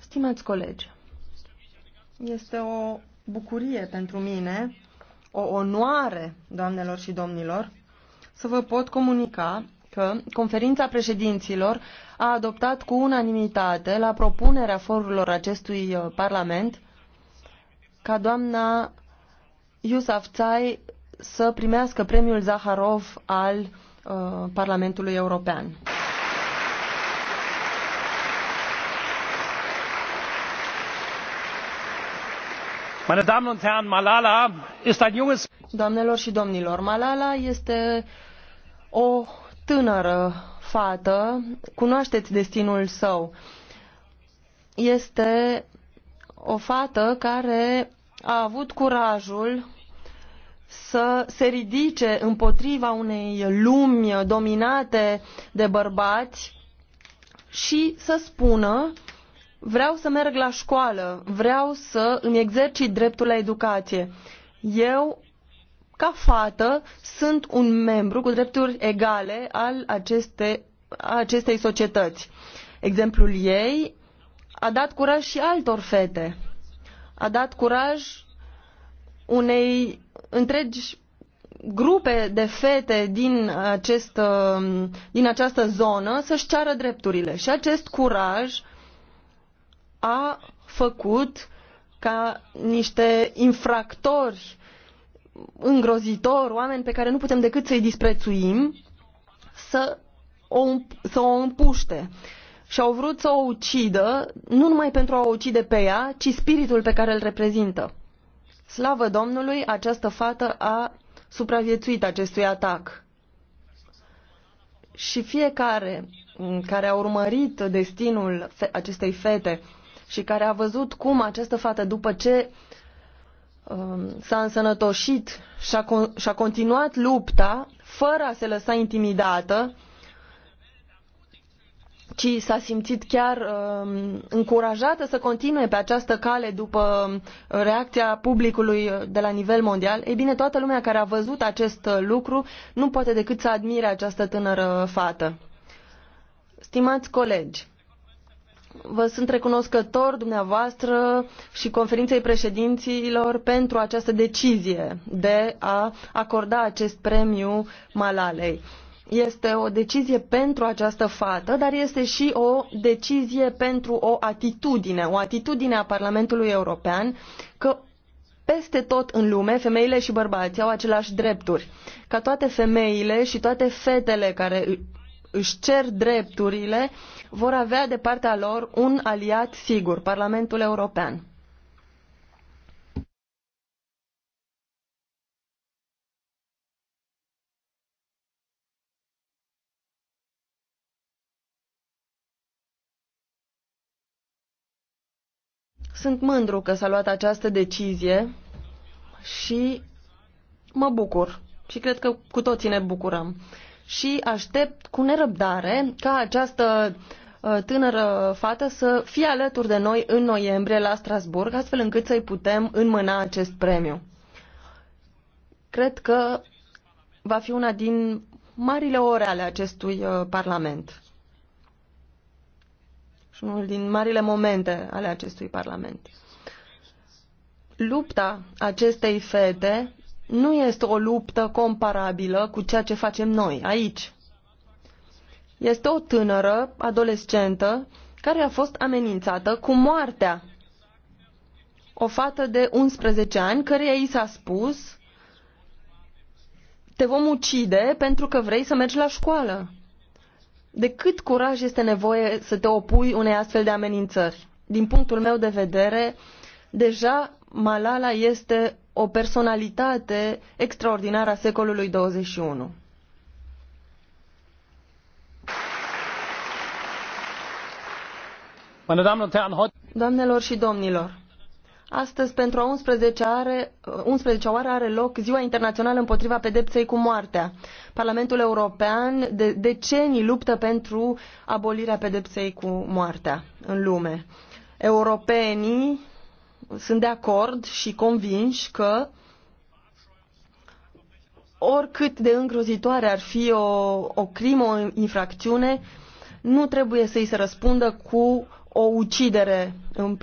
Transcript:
Stimați colegi, este o bucurie pentru mine, o onoare, doamnelor și domnilor, să vă pot comunica că conferința președinților a adoptat cu unanimitate la propunerea forurilor acestui uh, Parlament ca doamna Tsai să primească premiul Zaharov al uh, Parlamentului European. doamnelor și domnilor malala este o tânără fată cunoașteți destinul său este o fată care a avut curajul să se ridice împotriva unei lumi dominate de bărbați și să spună vreau să merg la școală, vreau să îmi exercit dreptul la educație. Eu, ca fată, sunt un membru cu drepturi egale al aceste, a acestei societăți. Exemplul ei a dat curaj și altor fete. A dat curaj unei întregi grupe de fete din, acest, din această zonă să-și ceară drepturile. Și acest curaj uh, a făcut ca niște infractori îngrozitori, oameni pe care nu putem decât să-i disprețuim, să o, să o împuște. Și au vrut să o ucidă, nu numai pentru a o ucide pe ea, ci spiritul pe care îl reprezintă. Slavă Domnului, această fată a supraviețuit acestui atac. Și fiecare care a urmărit destinul acestei fete și care a văzut cum această fată, după ce um, s-a însănătoșit și-a, con- și-a continuat lupta fără a se lăsa intimidată, ci s-a simțit chiar um, încurajată să continue pe această cale după um, reacția publicului uh, de la nivel mondial. Ei bine, toată lumea care a văzut acest uh, lucru nu poate decât să admire această tânără fată. Stimați colegi, vă sunt recunoscător dumneavoastră și conferinței președinților pentru această decizie de a acorda acest premiu Malalei. Este o decizie pentru această fată, dar este și o decizie pentru o atitudine, o atitudine a Parlamentului European că peste tot în lume, femeile și bărbații au aceleași drepturi. Ca toate femeile și toate fetele care își cer drepturile vor avea de partea lor un aliat sigur, Parlamentul European. Sunt mândru că s-a luat această decizie și mă bucur și cred că cu toții ne bucurăm și aștept cu nerăbdare ca această uh, tânără fată să fie alături de noi în noiembrie la Strasburg, astfel încât să-i putem înmâna acest premiu. Cred că va fi una din marile ore ale acestui uh, Parlament și unul din marile momente ale acestui Parlament. Lupta acestei fete nu este o luptă comparabilă cu ceea ce facem noi aici. Este o tânără, adolescentă, care a fost amenințată cu moartea. O fată de 11 ani, căreia i s-a spus te vom ucide pentru că vrei să mergi la școală. De cât curaj este nevoie să te opui unei astfel de amenințări? Din punctul meu de vedere, deja Malala este o personalitate extraordinară a secolului 21. Doamnelor și domnilor, astăzi pentru a 11 are, 11 oară are loc Ziua Internațională împotriva pedepsei cu moartea. Parlamentul European de decenii luptă pentru abolirea pedepsei cu moartea în lume. Europenii sunt de acord și convinși că oricât de îngrozitoare ar fi o, o crimă, o infracțiune, nu trebuie să îi se răspundă cu o ucidere în